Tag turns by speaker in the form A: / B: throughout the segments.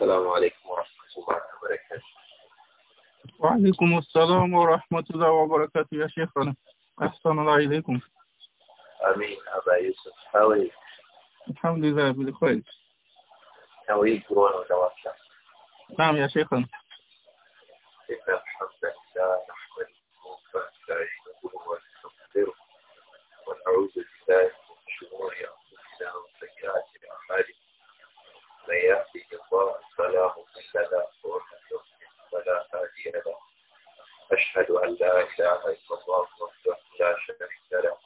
A: السلام عليكم ورحمة الله وبركاته
B: وعليكم السلام ورحمة الله وبركاته يا شيخنا أحسن الله إليكم
A: أمين أبا يوسف حاولي
B: الحمد لله بالخير
A: ناويين كورونا وتواصل نعم يا شيخنا إن الحمد لله نحمده ونستعينه ونستغفره ونعوذ بالله من شرور أنفسنا وسيئات أعمالنا أشهد أن لا إله إلا الله وحده لا شريك له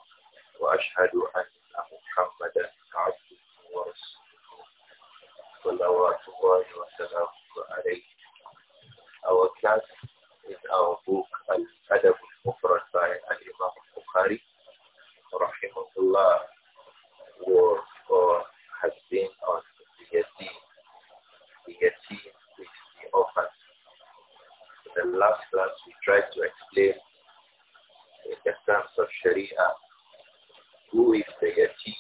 A: وأشهد أن محمدا عبده ورسوله صلوات الله وسلامه عليه Our class is our book Al-Adab al-Mufrad by Al-Imam or the get the yatim with the orphan. In the last class, we tried to explain in the terms of Sharia who is the yatim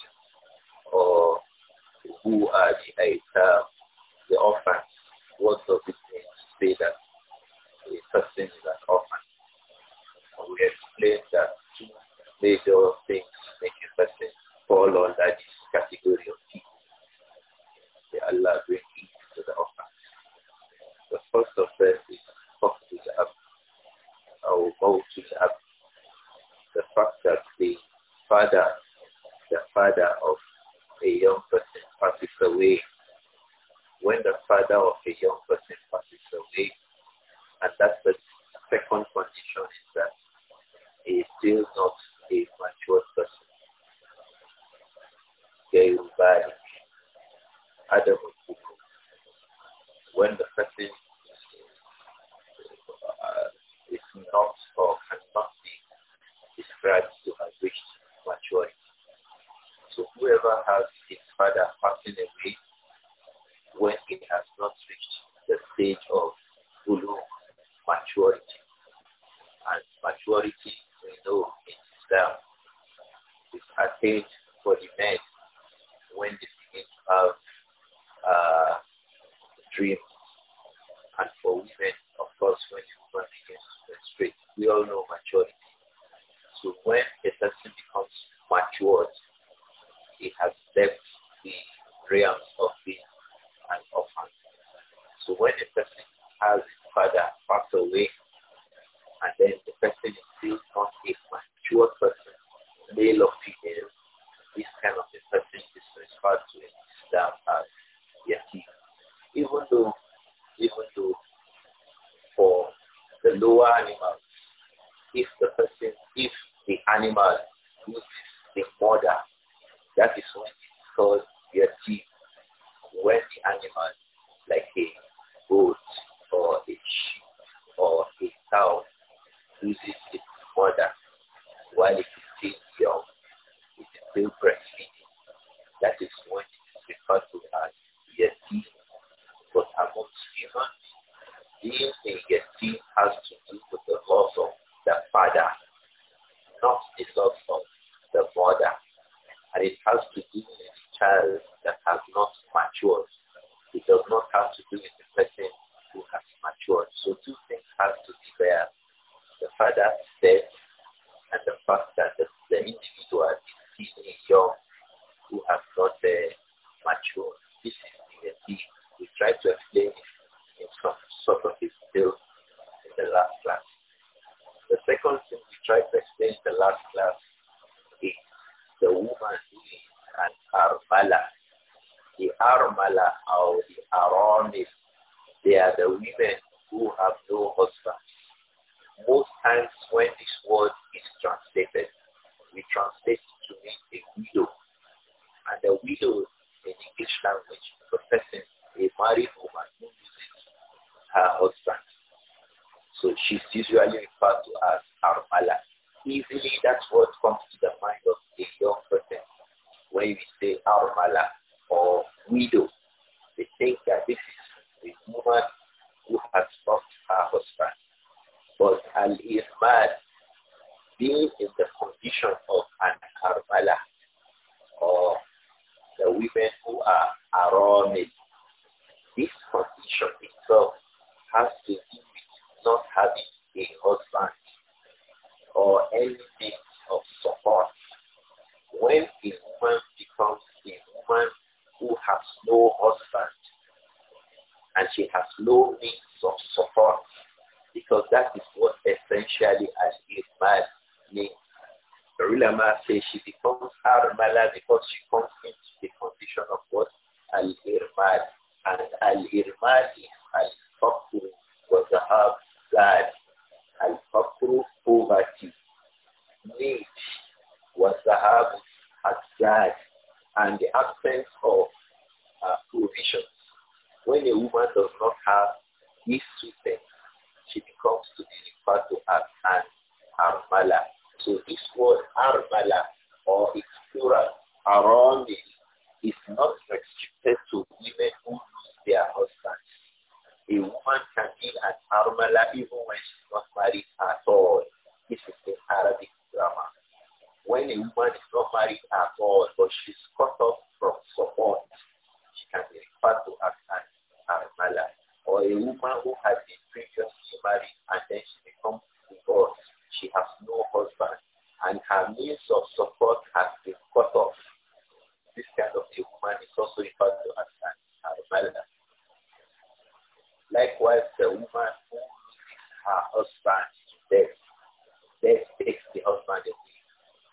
A: or who are the aitam, the orphans. What does the mean to say that a person is an orphan? we explained that two major things make a person fall under this category May Allah bring ease to the offer. The first of this is Fakti Ab, or Mawti Ab. The fact that the father, the father of a young person passes away, when the father of a young person passes away, and that's the second condition is that he is still not a mature person. They will buy Adam when the fruit uh, is not or cannot be described to have reached maturity. So whoever has his father passing away when it has not reached the stage of full maturity. And maturity, we know in Islam, is attained for the men when they begin to have uh, dream. And for women, of course, when a woman begins to menstruate, we all know maturity. So when a person becomes matured, he has left the realm of being an orphan. So when a person has his father passed away, and then the person is still not a mature person, male or female, this kind of a person is referred to as Islam as even though, even though for the lower animals, if the person, if the animal uses the mother, that is when it's called Yaqeen. When the animal, like a goat or a sheep or a cow, uses its mother while it is still young, it is still breastfeeding. That is when it is referred to as yatim, but amongst humans, being a has to do with the loss of the father, not the loss of the mother. And it has to do with a child that has not matured. It does not have to do with the person who has matured. So two things have to be there. The father's death and the fact that the, the individual is still young who has not uh, matured. This is the deed. We try to woman can live as Armala even when she's not married at all. This is the Arabic grammar. When a woman is not married at all, but she's cut off from support, she can be referred to as an Armala. Or a woman who has been previously married and then she becomes divorced. She has no husband and her means of support has been cut off. This kind of a woman is also referred to as an Armala. Likewise, the woman who loses her husband death, death takes the husband away.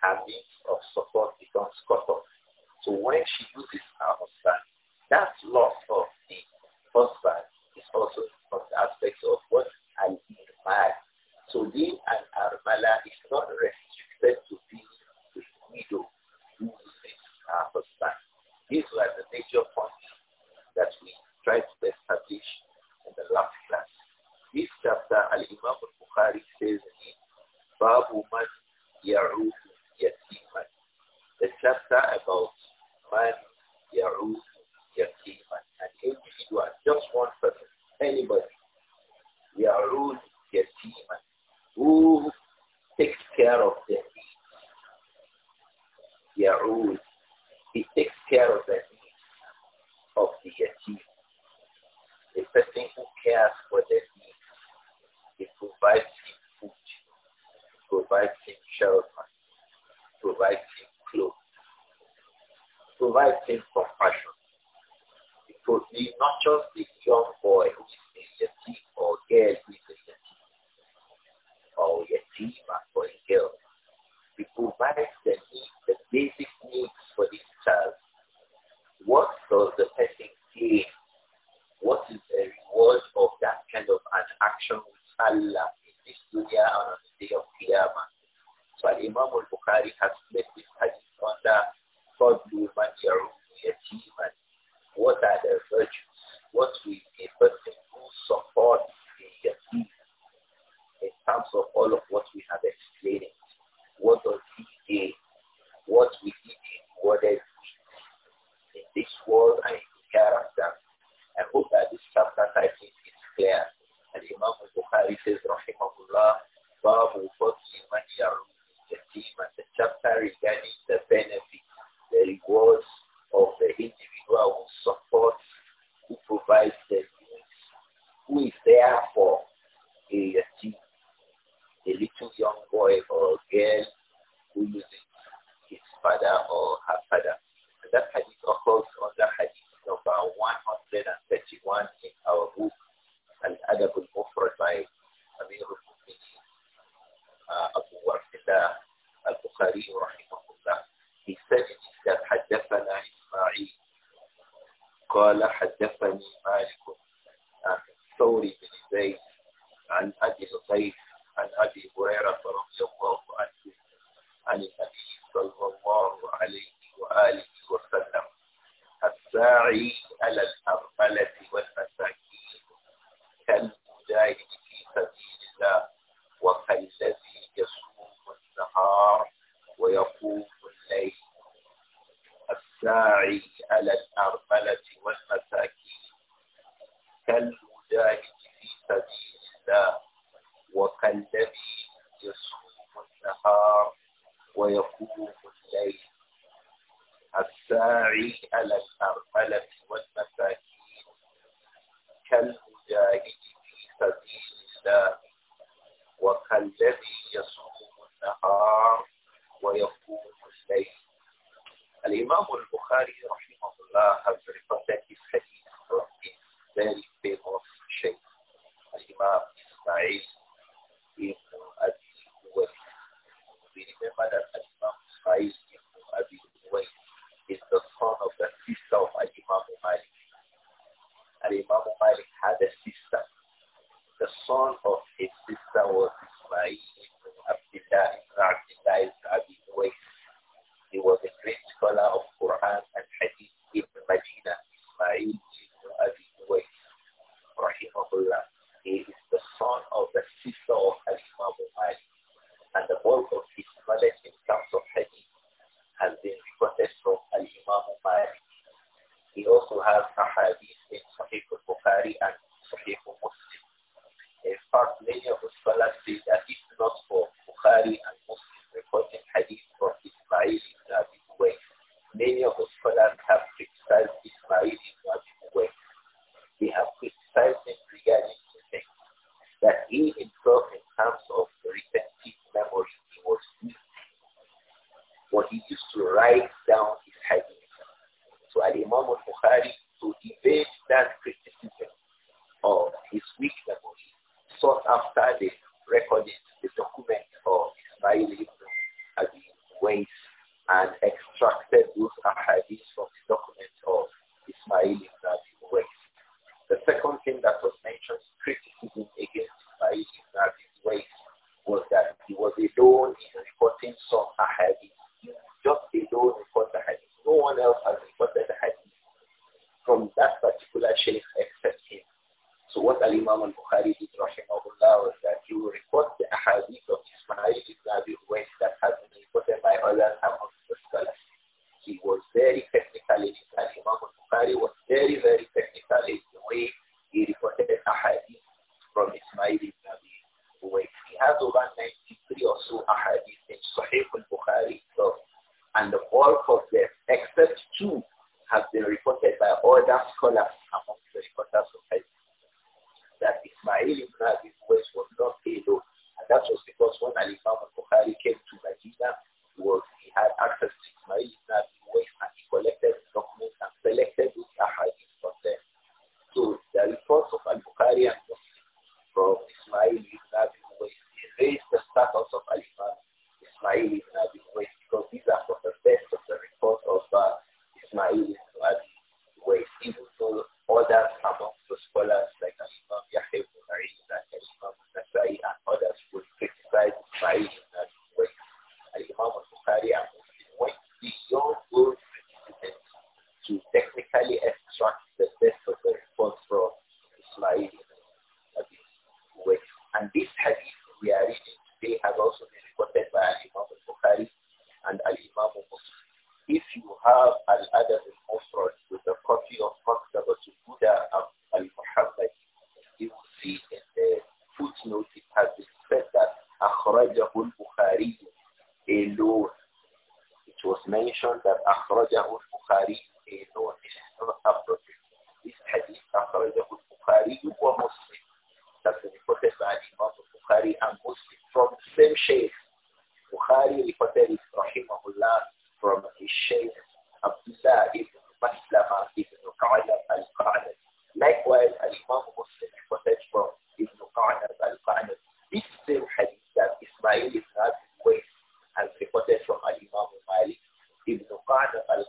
A: Her means of support becomes cut off. So when she loses her husband, that loss of the husband is also from the aspect of what I need mad. So being our armala is not restricted to being a widow who loses her husband. These were the major points that we tried to establish in the last class. This chapter, Al-Imam al-Bukhari says in Babu Man Ya'ud Yatiman. The chapter about Man Ya'ud Yatiman. An individual, just one person, anybody. Ya'ud Yatiman. Who takes care of the needs. Ya'ud. He takes care of the needs of the yatim. A person who cares for their needs, who provides him food, provides him shelter, provides him clothes, provides him compassion. Because he's not just a young boy who is a yatim or girl who is a yatim, or a yatima for a girl. He provides the needs, the basic needs for this child. What does the person gain what is the reward of that kind of an action with Allah in this dunya and on the day of Qiyamah? So al Imam al-Bukhari has made this hadith under Fadlu man yatiman. What are the virtues? What will a person who supports the yatim in terms of all of what we have explained? What does he gain? What will he be rewarded in this world and in the I hope that this chapter title is clear. And Imam Bukhari says, Rahimahullah, Babu the chapter regarding the benefits, the rewards of the individual who supports, who provides the needs, who is there for a team, a little young boy or girl who uses his father or her father. And that hadith occurs on that hadith number 131 in our book, Al-Adab al-Mufrad by Amir al-Mu'minin, Abu Waqtillah al-Bukhari, rahimahullah. He said that حدثنا إسماعيل قال حدثني مالك عن ثوري بن عن أبي الغيث عن أبي هريرة رضي الله عنه عن النبي صلى الله عليه وآله وسلم الساعي على الأرملة والمساكين كالمجاهد في سبيل الله وكالذي يصوم النهار ويقوم الليل الساعي على الأرملة والمساكين كالمجاهد في سبيل الله وكالذي يصوم النهار ويقوم الليل الساعي على الأرملة والمساكين كالمجاهد في سبيل الله وكالذي يصوم النهار ويقوم الليل الإمام البخاري رحمه الله has reported this hadith ذلك his very famous الإمام إسماعيل ابن أبي هويل We الإمام إسماعيل ابن أبي is the son of the sister of imam Malik. Al-Imam Malik had a sister. The son of his sister was Ismail ibn Abdullah ibn Abdullah ibn Abi Uwais. He was a great scholar of Quran and Hadith in Medina, Ismail ibn Abi Uwais. Rahimahullah. He is the son of the sister of imam Malik. And the bulk of his knowledge in terms of Hadith has been reported from Al-Imam Malik. He also has a hadith in Sahih al-Bukhari and Sahih muslim In fact, many of the scholars say that if not for Bukhari and Muslim recording hadith from Ismail ibn Abi Uwais, many of the scholars have criticized Ismail ibn Abi Uwais. They have criticized him regarding two things. That he himself, in terms of retentive memory, he was weak when he used to write down his hadith. So Al Imam al Bukhari to evade that criticism of his weak memory sought after the recording, the document of Ismail ibn Abi Ways and extracted those hadiths from the document of Ismail ibn Abi Ways. The second thing that was mentioned, criticism against Ismail ibn Abi Ways, was that he was alone in reporting some hadiths just he alone reports the hadith. No one else has reported the hadith from that particular sheikh except him. So what Al-Imam al-Bukhari did, rahimahullah, was that he will report the hadith of Ismail ibn Abi Huwayn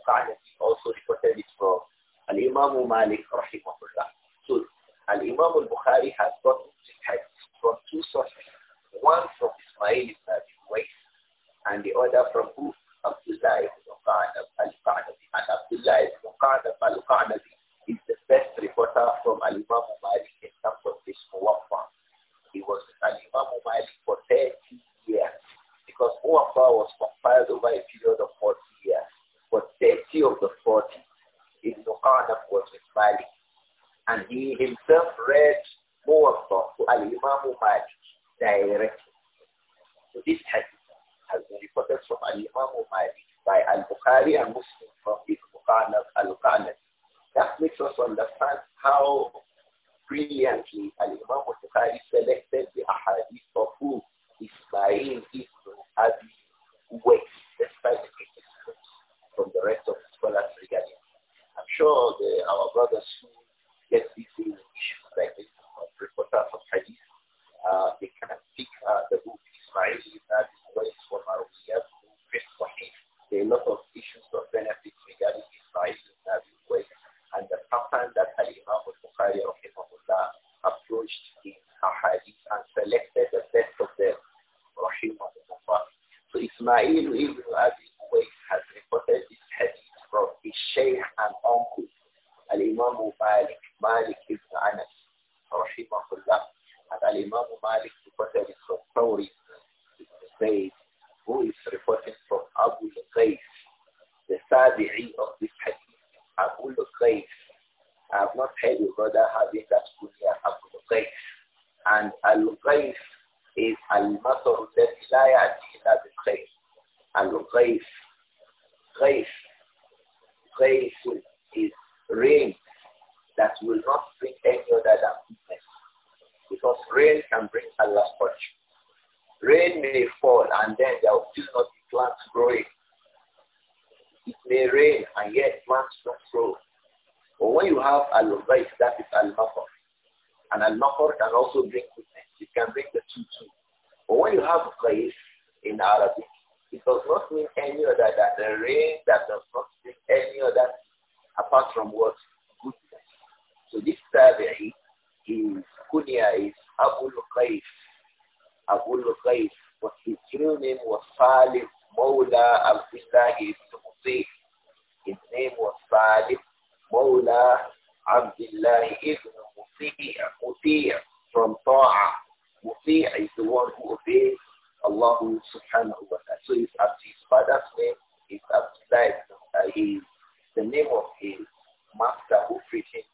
A: sa also reported it from Al-Imam Malik غيث is rain that will not bring any other than Because rain can bring a Allah's punch.
B: Rain may
A: fall and then there will still not be plants growing. It may rain and yet plants not grow. But when you have a ghayth that is al-mafar. And al-mafar can also bring weakness. It can bring the two too. But when you have ghayth in Arabic, it does not mean any other than the rain that does not mean any other apart from what? Goodness. So this Tabi'i, is kunya is Abu Qais. Abu Qais, but his real name was Salif Mawla Abdullah ibn Hussein. His name was Salif Mawla Abdullah ibn Hussein from Ta'a. Mufi' is the one who obeys Allah subhanahu wa ta'ala. So it's at his father's name, it's Abdullah, uh, his, the name of his master who freed him.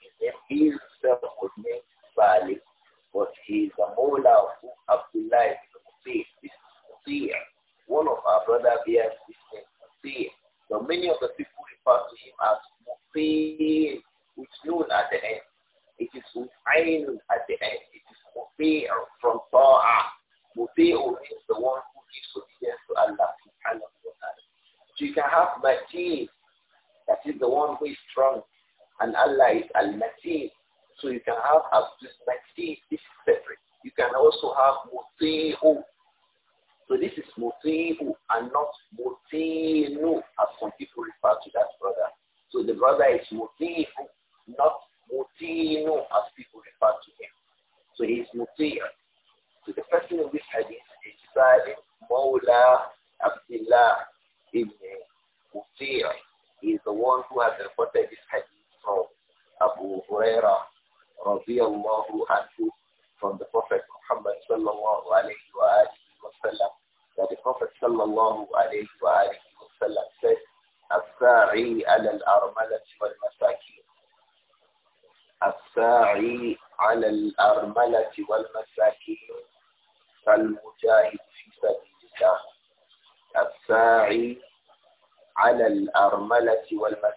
A: His name, he himself was named Salih, but he is the Mawla of Abdullah ibn Mutir. One of our brother bears his name Mutir. So many of the people refer to him as Mutir, which noon at the end. It is with at the end. It is Mutir from Ta'ā. Muti'u is the one who gives obedience to Allah subhanahu wa ta'ala. So you can have Mati, that is the one who is strong, and Allah is Al-Mati. So you can have as Mati, this is separate. You can also have Muti'u. So this is Muti'u and not Muti'nu, as some people refer to that brother. So the brother is Muti'u, not Muti'nu, as people refer to him. So he is Muti'u. So the person in this hadith is Salim Mawla Abdullah ibn Mutir. He is the one who has reported this hadith from Abu Huraira radiallahu anhu from the Prophet Muhammad sallallahu alayhi wa alihi wa sallam that the Prophet sallallahu alayhi wa alihi wa sallam said الساعي على الأرملة والمساكين الساعي على الأرملة والمساكين الملك والملائكة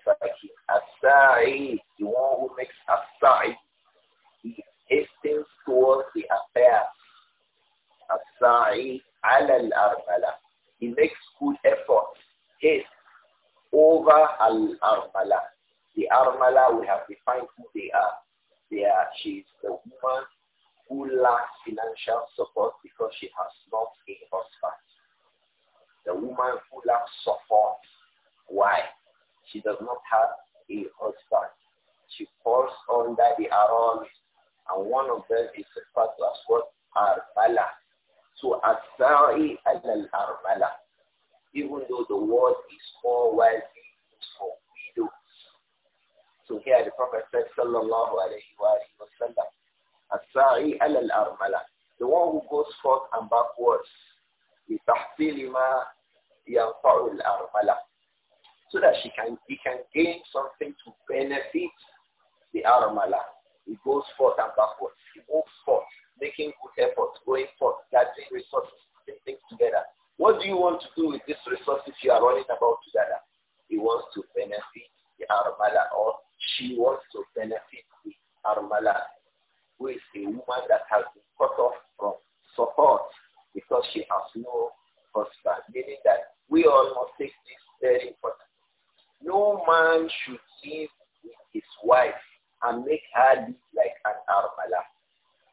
A: and make her live like an armala.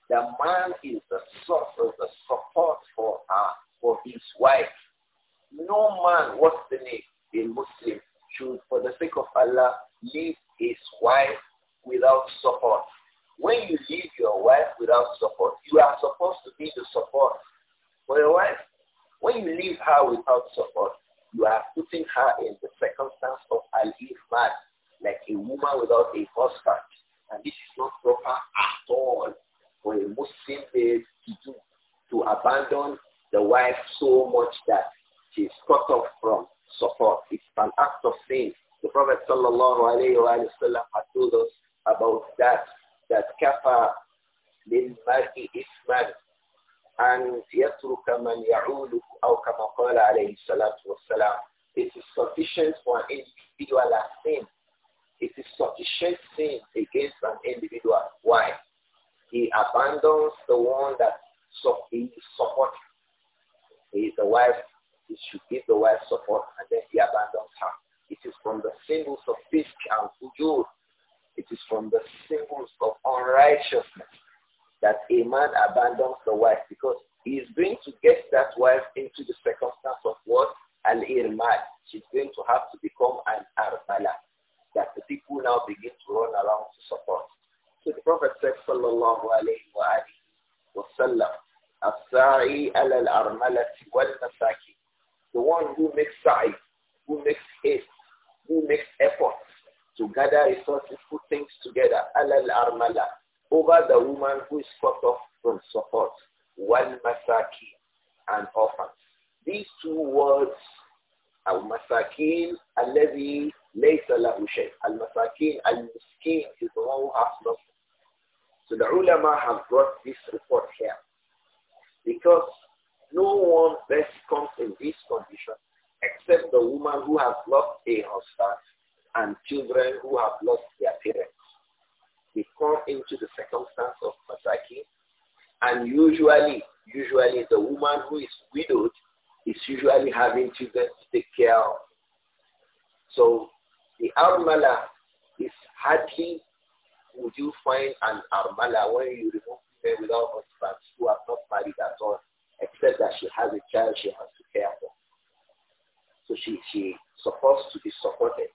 A: The man is the source of the support for her, for his wife. No man, what's the name, a Muslim, should, for the sake of Allah, leave his wife without support. When you leave your wife without support, you are supposed to be the support for your wife. When you leave her without support, you are putting her in the circumstance of a leave man, like a woman without a husband. And this is not proper at all for a Muslim male to do, to abandon the wife so much that she's cut off from support. It's an act of sin. The Prophet sallallahu alayhi wa sallam had told us about that, that kafa lil mar'i ismad and yatruka man ya'uluhu aw kama qala alayhi salatu wassalam. It is sufficient for an individual as sin it is sufficient sin against an individual. Why? He abandons the one that he supports. He is the wife. He should give the wife support, and then he abandons her. It is from the symbols of fisk and fujur. It is from the symbols of unrighteousness that a man abandons the wife because he is going to get that wife into the circumstance of what? Al-Irmad. She's going to have to become an Arbala that the people now begin to run around to support. So the Prophet said, sallallahu alayhi al alihi wa al الساعي The one who makes sa'i, who makes haste, who makes effort to gather resources, put things together, al الأرملة, over the woman who is cut off from support, al-masaki, and orphans. These two words, al-masakin, الذي ليس له شيء. Al-Masakin, is the one has So the ulama have brought this report here because no one best comes in this condition except the woman who has lost a husband and children who have lost their parents. They come into the circumstance of mazaki, and usually, usually the woman who is widowed is usually having children to take care of. So the armala is hardly would you find an armala when you remove them without husbands who are not married at all, except that she has a child she has to care for. So she she supposed to be supported.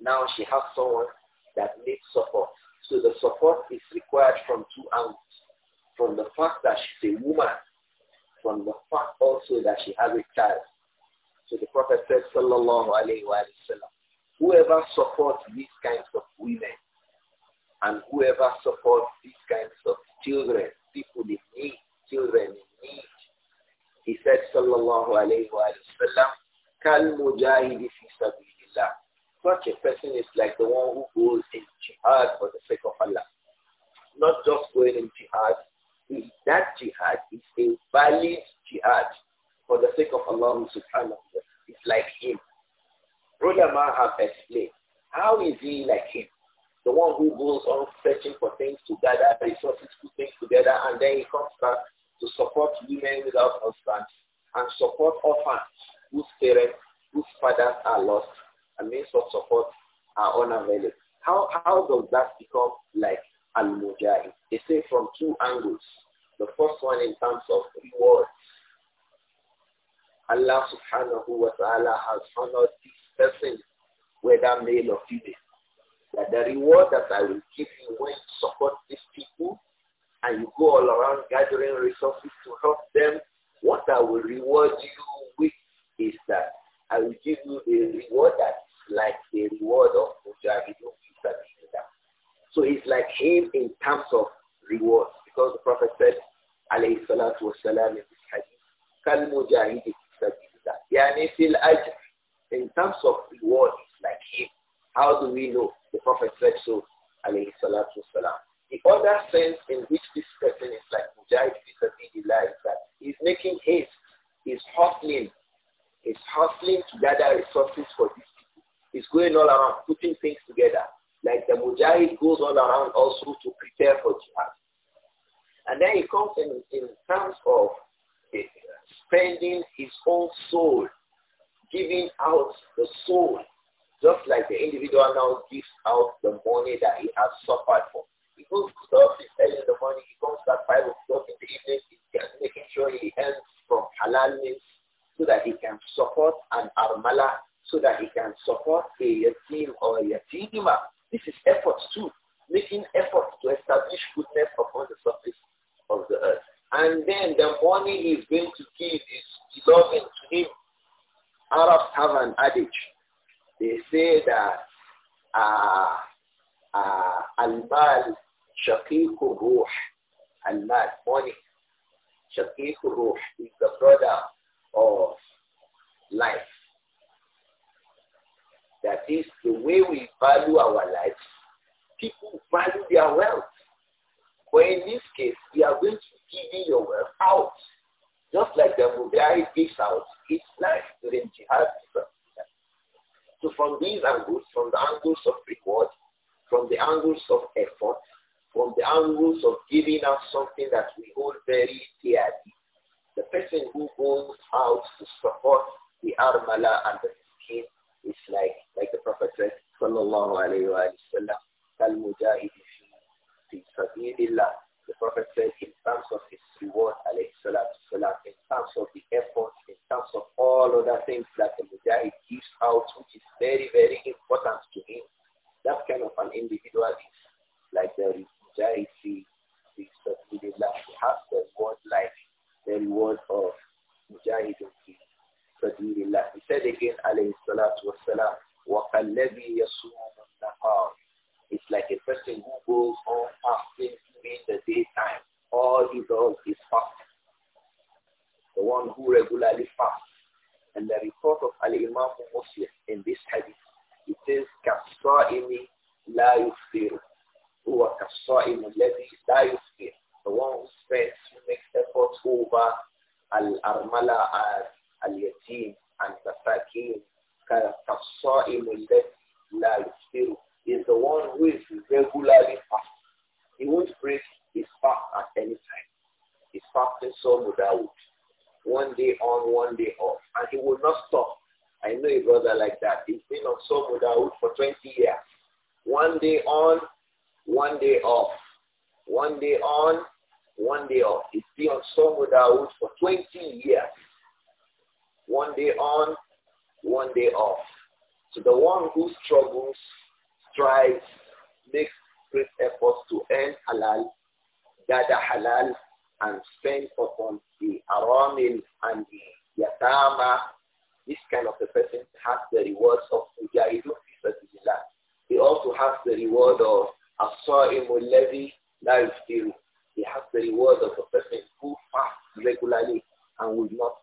A: Now she has someone that needs support. So the support is required from two angles. From the fact that she's a woman, from the fact also that she has a child. So the Prophet said, Sallallahu Alaihi Wasallam, whoever supports these kinds of women and whoever supports these kinds of children, people in need, children in need, he said, sallallahu alayhi wa sallam, kal mujahidi fi sabilillah. Such a person is like the one who goes in jihad for the sake of Allah. Not just going in jihad. that jihad is a valid jihad for the sake of Allah subhanahu wa ta'ala. It's like him. Ulama have explained, how is he like him? The one who goes on searching for things to gather resources, to things together, and then he comes back to support women without husbands and support orphans whose parents, whose fathers are lost, and means of support are unavailable. How, how does that become like Al-Mujahid? They say from two angles. The first one in terms of rewards. Allah subhanahu wa ta'ala has honored this person, whether male or female, that the reward that I will give you when you support these people and you go all around gathering resources to help them, what I will reward you with is that I will give you a reward that is like the reward of Mujahid So it's like him in terms of rewards because the Prophet said, alayhi salatu wasalam in this hadith, kal mujahid fi sabilillah. Yani fil ajr in terms of reward, like him. How do we know? The Prophet said so, alayhi salatu salam. The other sense in which this person is like Mujahid is that he's making haste, he's hustling, he's hustling to gather resources for these people. He's going all around, putting things together. Like the Mujahid goes all around also to prepare for jihad. And then he comes in, in terms of eh, spending his own soul giving out the soul, just like the individual now gives out the money that he has suffered for. He goes to stop is selling the money, he comes back 5 o'clock in the evening, he's making sure he earns from halal means so that he can support an armala, so that he can support a yatim or a yatima. This is effort too, making effort to establish goodness upon the surface of the earth. And then the money he's going to give is belonging to him Arabs have an adage. They say that uh, uh, al-mal shaqiqur ruh. Al-mal, money. Shaqiqur ruh is the brother of life. That is the way we value our lives. People value their wealth. But in this case, we are going to give your wealth out. Just like the Mubarak gives out its life during jihad. So from these angles, from the angles of reward, from the angles of effort, from the angles of giving us something that we hold very dearly, the person who goes out to support the Armala and the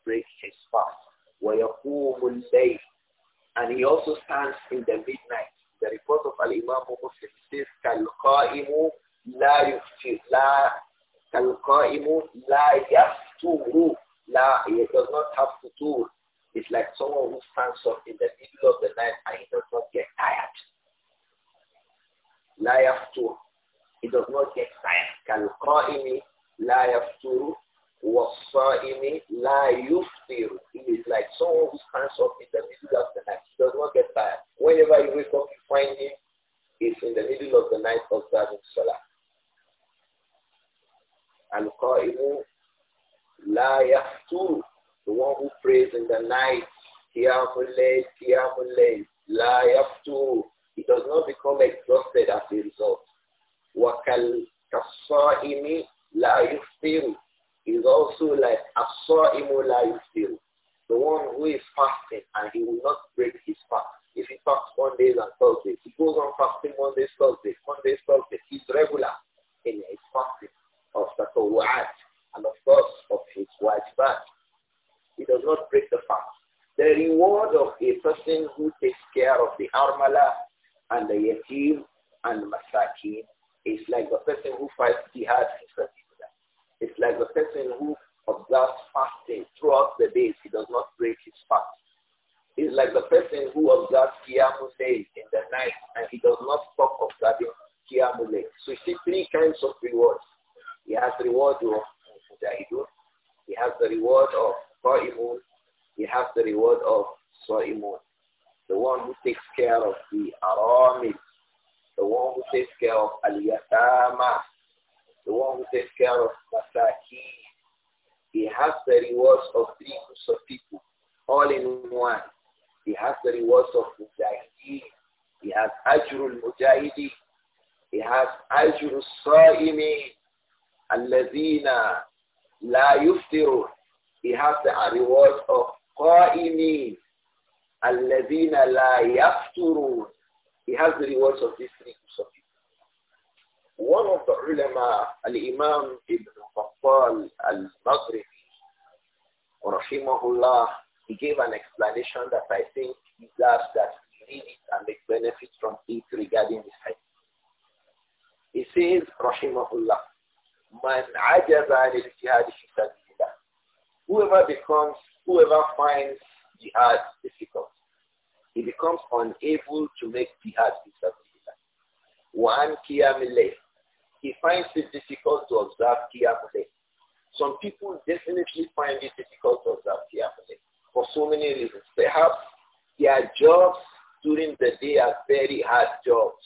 A: break his fast. وَيَقُومُ اللَّيْلِ And he also stands in the midnight. The report of Al-Imam Muslim says, كَالْقَائِمُ لَا يُفْتِرُ لَا كَالْقَائِمُ لَا يَفْتُرُ La, he does not have futur. It's like someone who stands up in the middle of the night and he does not get tired. La yaftur. He does not get tired. Kalqa'imi la yafturu وَالصَّائِمِ لَا يُفْطِرُ He is like someone who stands up in the middle of the night. He does not get tired. Whenever you wake up, you find him He's in the middle of the night observing Salah. Al-Qa'imu La Yaftur The one who prays in the night Qiyamul Layl, Qiyamul Layl La Yaftur He does not become exhausted as a result Wa Kal Kassa'imi La Yuftiru is also like As-Sa'imu la The one who is fasting and he will not break his fast. If he fasts one day and Thursday, he goes on fasting one day, Thursday, one day, Thursday. He's regular in his fasting of Tatawa'at and of course of his wife's back. He does not break the fast. The reward of a person who takes care of the armala and the yatim and the masakin is like the person who fights jihad himself. It's like the person who observes fasting throughout the days. He does not break his fast. It's like the person who observes Qiyamu days in the night and he does not stop observing Qiyamu day. So you see three kinds of rewards. He has reward of Mujahidun. He has the reward of Qa'imun. He has the reward of Sa'imun. The one who takes care of the Aramid. The one who takes care of Al-Yatama the one who takes care of Masaki, he has the rewards of three groups of people, all in one. He has the rewards of Mujahideen. he has Ajrul Mujahideen. he has Ajrul Sa'imi, ladina La Yuftiru. He has the rewards of Qa'imi, al-ladina La Yafturu. He has the rewards of these three one of the ulama, Al-Imam Ibn Fassal Al-Maghribi, rahimahullah, he gave an explanation that I think deserves that we read it and make benefit from it regarding this hadith. He says, rahimahullah, man ajaza al-jihad fi Whoever becomes, whoever finds jihad difficult, he becomes unable to make jihad difficult. One Wa an qiyam al he finds it difficult to observe Qiyamulay. Some people definitely find it difficult to observe Qiyamulay for so many reasons. Perhaps their jobs during the day are very hard jobs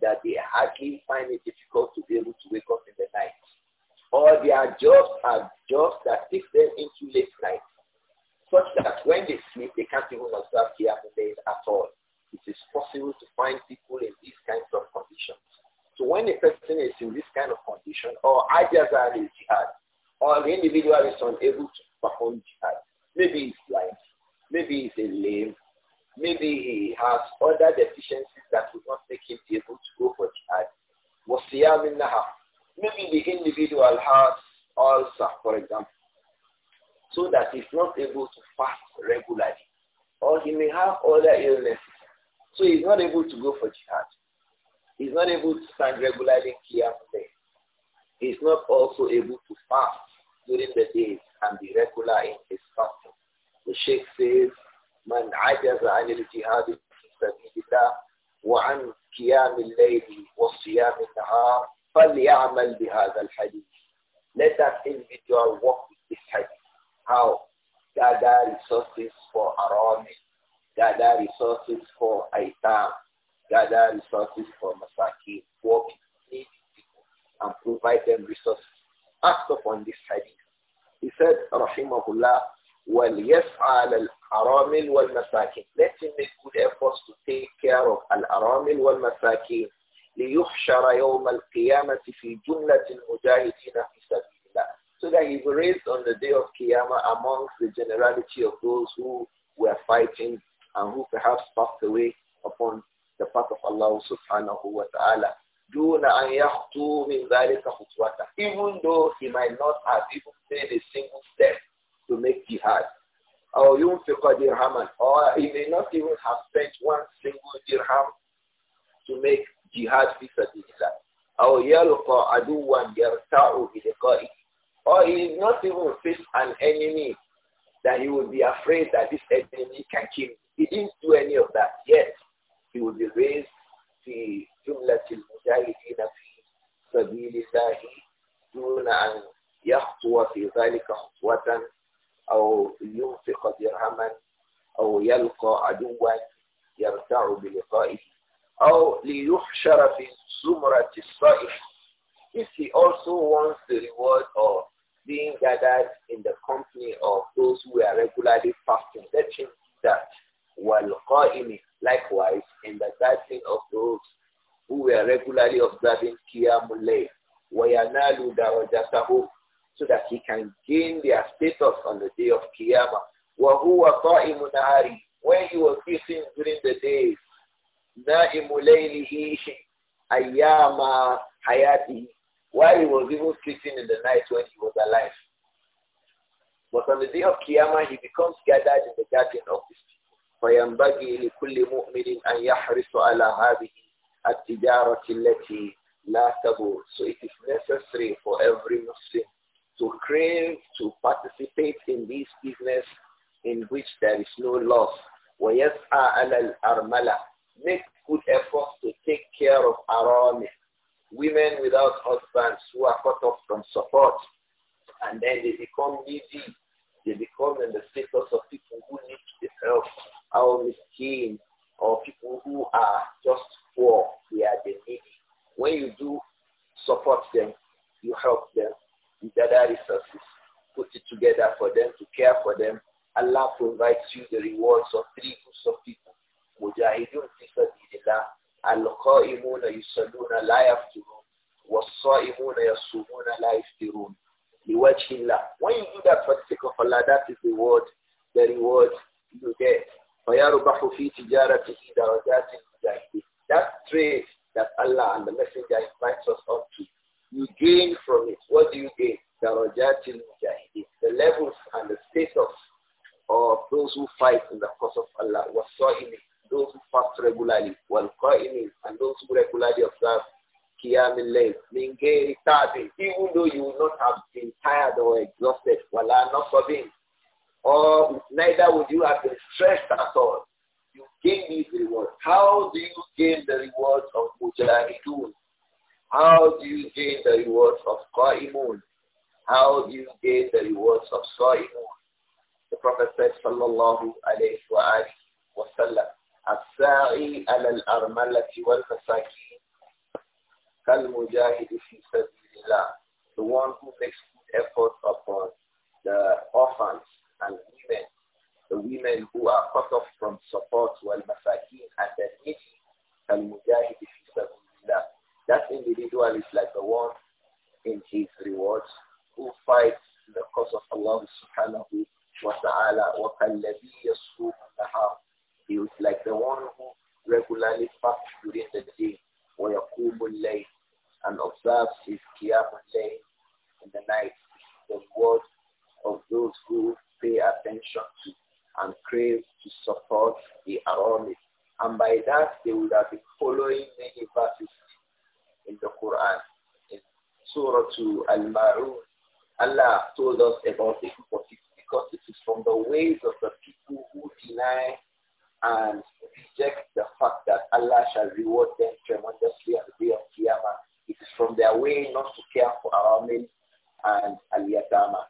A: that they hardly find it difficult to be able to wake up in the night. Or their jobs are jobs that take them into late night, such that when they sleep, they can't even observe Qiyamulay at all. It is possible to find people in these kinds of conditions. So when a person is in this kind of condition, or ajaza is jihad, or the individual is unable to perform jihad, maybe he's blind, maybe he's a lame, maybe he has other deficiencies that would not make him able to go for jihad. Maybe the individual has ulcer, for example, so that he's not able to fast regularly, or he may have other illnesses, so he's not able to go for jihad. He's not able to stand regularly in Qiyamah. He's not also able to fast during the days and be regular in his fasting. The Sheikh says, من عجز عن الجهاد في سبيل الله وعن قيام الليل وصيام النهار فليعمل بهذا الحديث. Let that individual walk with this hadith. How? Gather resources for Arami. Gather resources for Aitam gather resources for Masaki, work and provide them resources. Act upon this hadith. He said, Rahimahullah, well, yes, al-aramil wal-masakin. Let him make good efforts to take care of al-aramil wal-masakin. ليحشر يوم القيامة في جملة المجاهدين في سبيل الله. So that he raised on the day of Qiyamah amongst the generality of those who were fighting and who perhaps passed away upon the path Allah subhanahu wa ta'ala. دون أن يخطو من ذلك خطوة even though he might not have even made a single step to make jihad or ينفق درهما or he may not even have spent one single dirham to make jihad في سبيل الله أو يلقى عدوا يرتاع بلقائه or he is not even face an enemy that he would be afraid that this enemy can kill him. He didn't do any of that. Yes, في وزيريز في جملة المجاهدين في سبيل الله دون أن يخطو في ذلك خطوة أو ينفق درهما أو يلقى عدوا يرتع بلقائه أو ليحشر في زمرة الصائح if he also wants the reward of being gathered in the company of those who are regularly fasting, let him do that. Likewise, in the guiding of those who were regularly observing Qiyamulay, وَيَنَالُ دَرَجَتَهُ so that he can gain their status on the day of Qiyamah. وَهُوَ قَائِمٌ When he was teaching during the day, نَائِمُ لَيْلِهِ أَيَّامَ While he was even sleeping in the night when he was alive. But on the day of Qiyamah, he becomes gathered in the garden of his فينبغي لكل مؤمن أن يحرص على هذه التجارة التي لا تبور. So it is necessary for every Muslim to crave, to participate in this business in which there is no loss. ويسعى على الأرملة. Make good efforts to take care of our women without husbands who are cut off from support. And then they become needy. They become in the status of people who need the help our miskin, or people who are just poor, they are the needy. When you do support them, you help them, you gather resources, put it together for them, to care for them, Allah provides you the rewards of three groups of people. Mujahidun fi sabilillah, al-qa'imuna yusalluna la yafturun, was-sa'imuna yasumuna la yaftirun. When you do that for the sake of Allah, that is the reward, the reward you get. فَيَرُبَحُ فِي تِجَارَتِهِ دَرَجَاتٍ That trade that Allah and the Messenger invites us up to, you gain from it. What do you gain? دَرَجَاتٍ The levels and the status of those who fight in the cause of Allah was in Those who fast regularly, والقائمين, and those who regularly observe qiyam al-layl, even though you will not have been tired or exhausted, wala nasabin, or um, neither would you have been stressed at all. You gain the reward. How do you gain the reward of Mujahidun? How do you gain the reward of Qa'imun? How do you gain the rewards of Sa'imun? The Prophet said, Sallallahu alayhi wa alayhi wa sallam, الأرملة والمساكين The one who makes good efforts upon the orphans and women, the women who are cut off from support, while masakin and the needy, That individual is like the one in his rewards who fights the cause of Allah subhanahu wa ta'ala wa kallabi yasfu He is like the one who regularly fasts during the day and observes his qiyamul layl in the night. The reward of those who pay attention to and crave to support the Arabic. And by that, they would have been following many verses in the Quran. In Surah Al-Ma'un, Allah told us about the group because it is from the ways of the people who deny and reject the fact that Allah shall reward them tremendously at the day of Qiyamah. It is from their way not to care for our men and al-yatama.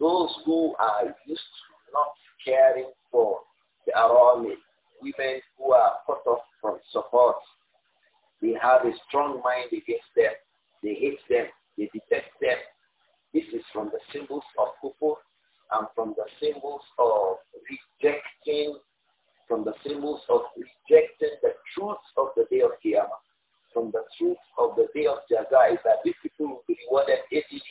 A: Those who are used to not caring for the army, women who are cut off from support, they have a strong mind against them. They hate them. They detest them. This is from the symbols of kufur and from the symbols of rejecting, from the symbols of rejecting the truth of the day of Qiyamah. From the truth of the day of Jaza is that these people will be rewarded easily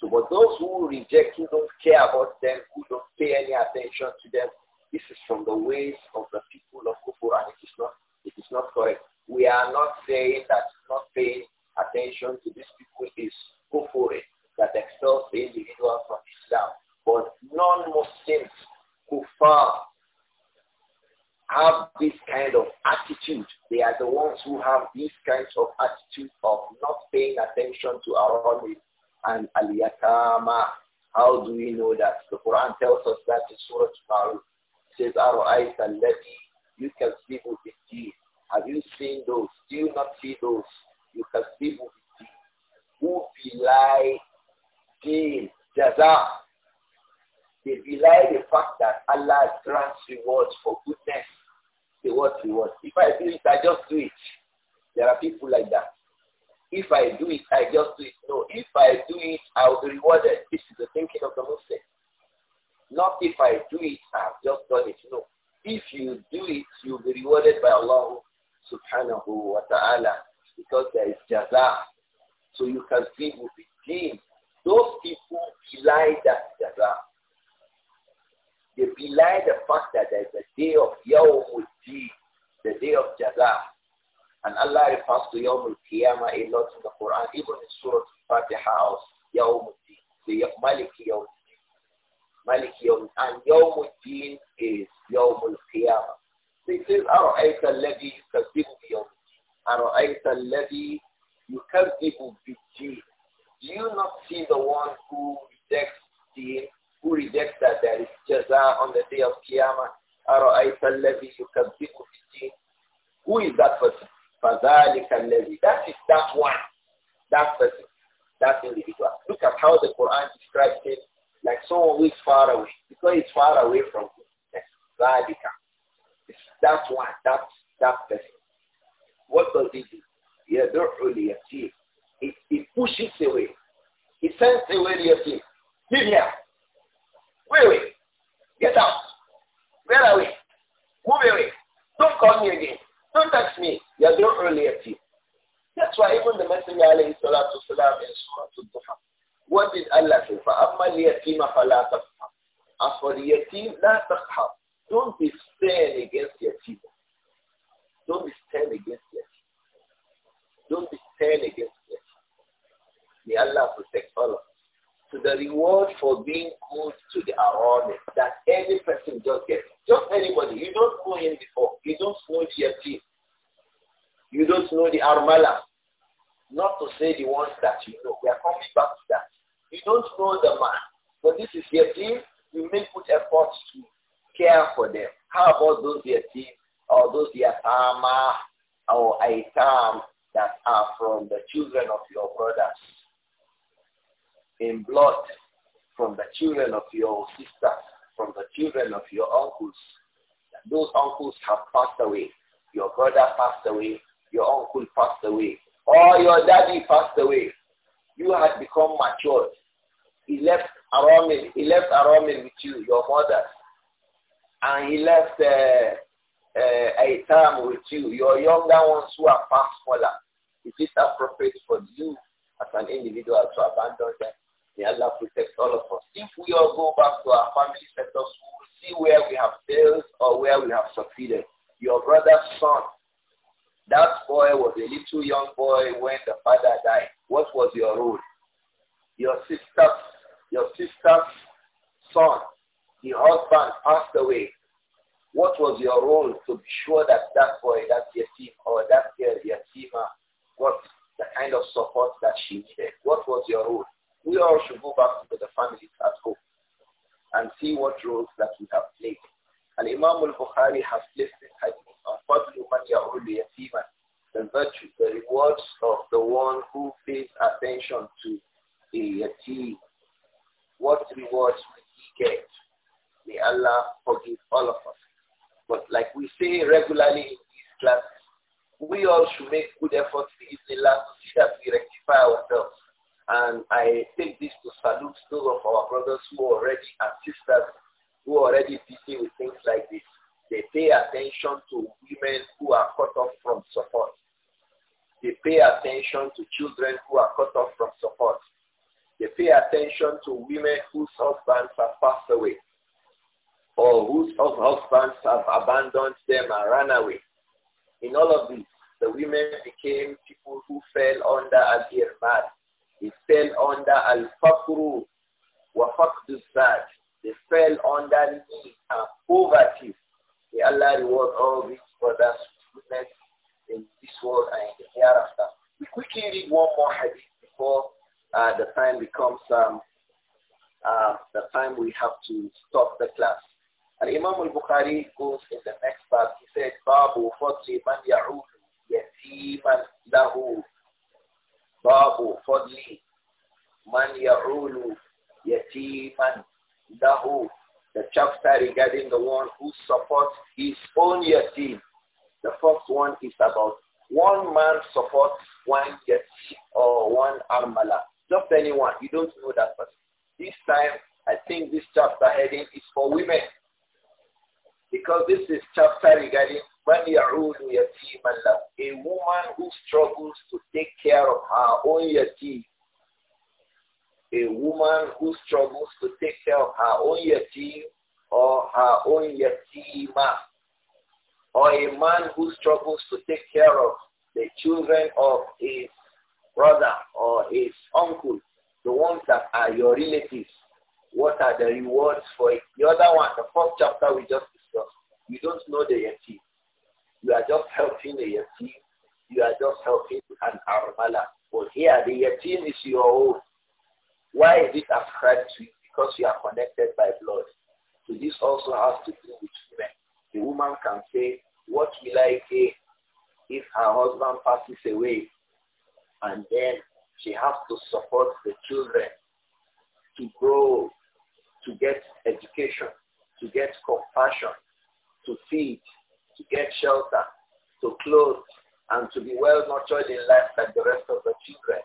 A: so, but those who reject, who don't care about them, who don't pay any attention to them, this is from the ways of the people of Kufur, and it is not, it is not correct. We are not saying that not paying attention to these people is Kufur, that expels the individual from Islam. But non-Muslims, Kufar, have this kind of attitude. They are the ones who have these kinds of attitude of not paying attention to our needs and al-yatama. How do we know that? The Quran tells us that in Surah al You can أَرَأَيْتَ with يُكَذِّبُ بِالدِّينِ Have you seen those? Do you not see those? يُكَذِّبُ بِالدِّينِ Who belie deen, jaza. They belie the fact that Allah grants rewards for goodness. They want rewards. If I do it, I just do it. There are people like that. If I do it, I just do it. No, if I do it, I will be rewarded. This is the thinking of the Muslim. Not if I do it, I've just done it. No. If you do it, you'll be rewarded by Allah subhanahu wa ta'ala because there is jaza. So you can see with the deen. Those people belie that jaza. They belie the fact that there is a day of Yawmul the day of jaza and Allah refers to Yawm al-Qiyamah a lot in the Quran, even in Surah Al-Fatiha of Yawm al-Din, the Maliki Yawm Malik Yawm. And Yawm al-Din is Yawm al-Qiyamah. So it says, أَرَأَيْتَ الَّذِي يُكَذِّبُ بِيَوْمِ أَرَأَيْتَ الَّذِي يُكَذِّبُ بِالدِّينِ Do you not see the one who rejects deen, who rejects that there is jaza on the day of Qiyamah? أَرَأَيْتَ الَّذِي يُكَذِّبُ بِالدِّينِ Who is that person? فَذَلِكَ الَّذِي That is that one, that person, that individual. Look at how the Quran describes it like someone who is far away. Because it's far away from goodness. ذَلِكَ It's that one, that, that person. What does it do? يَدُعُ لِيَتِيمٍ it, it pushes away. It sends away team. Leave here. Wait, wait. Get out. Where are we? Move away. Don't call me again. Don't touch me. يَدُعُ لِيَتِيمٍ That's why even the Messenger alayhi salatu salam in Surah Al-Duha, what did Allah say? فَأَمَّا الْيَتِيمَ فَلَا تَقْحَرْ As for the yatim, لَا of your sisters, from the children of your uncles. Those uncles have passed away. Your brother passed away. Your uncle passed away. Or your daddy passed away. You had become matured. He left Aramin. He left Aramin with you, your mother. And he left uh, uh, Aitam with you, your younger ones who are passed smaller. achieve? What rewards will he get? May Allah forgive all of us. But like we say regularly in these classes, we all should make good efforts to Islam to see that we rectify ourselves. And I take this to salute those of our brothers who already and sisters who already busy with things like this. They pay attention to women who are cut off from support. They pay attention to children who are cut off from support. They pay attention to women whose husbands have passed away or whose husbands have abandoned them and run away. In all of this, the women became people who fell under al-irmad. They fell under al-fakru wa faqduzad. They fell under need and poverty. May Allah reward all these brothers goodness in this world and in the hereafter. We quickly read one more hadith before uh, the time becomes um, uh, the time we have to stop the class. And Imam al-Bukhari goes in the next part. He said, "Babu fadli man ya'ud yatiman lahu." Babu fadli man ya'ulu yatiman lahu. The chapter regarding the one who supports his own yatim. The first one is about one man supports one yatim or one armala. Just anyone. You don't know that person. This time, I think this chapter heading is for women. Because this is chapter regarding when Ya'ul Yatim Allah, a woman who struggles to take care of her own yatim. A woman who struggles to take care of her own yatim or her own yatima. Or a man who struggles to take care of the children of his brother or his uncle, the ones that are your relatives, what are the rewards for it? The other one, the first chapter we just discussed, you don't know the yatim. You are just helping the yatim. You are just helping an armala. But here, the yatim is your own. Why is it ascribed to you? Because you are connected by blood. So this also has to do with women. The woman can say, what will I gain if her husband passes away? And then she has to support the children to grow, to get education, to get compassion, to feed, to get shelter, to clothe, and to be well nurtured in life like the rest of the children.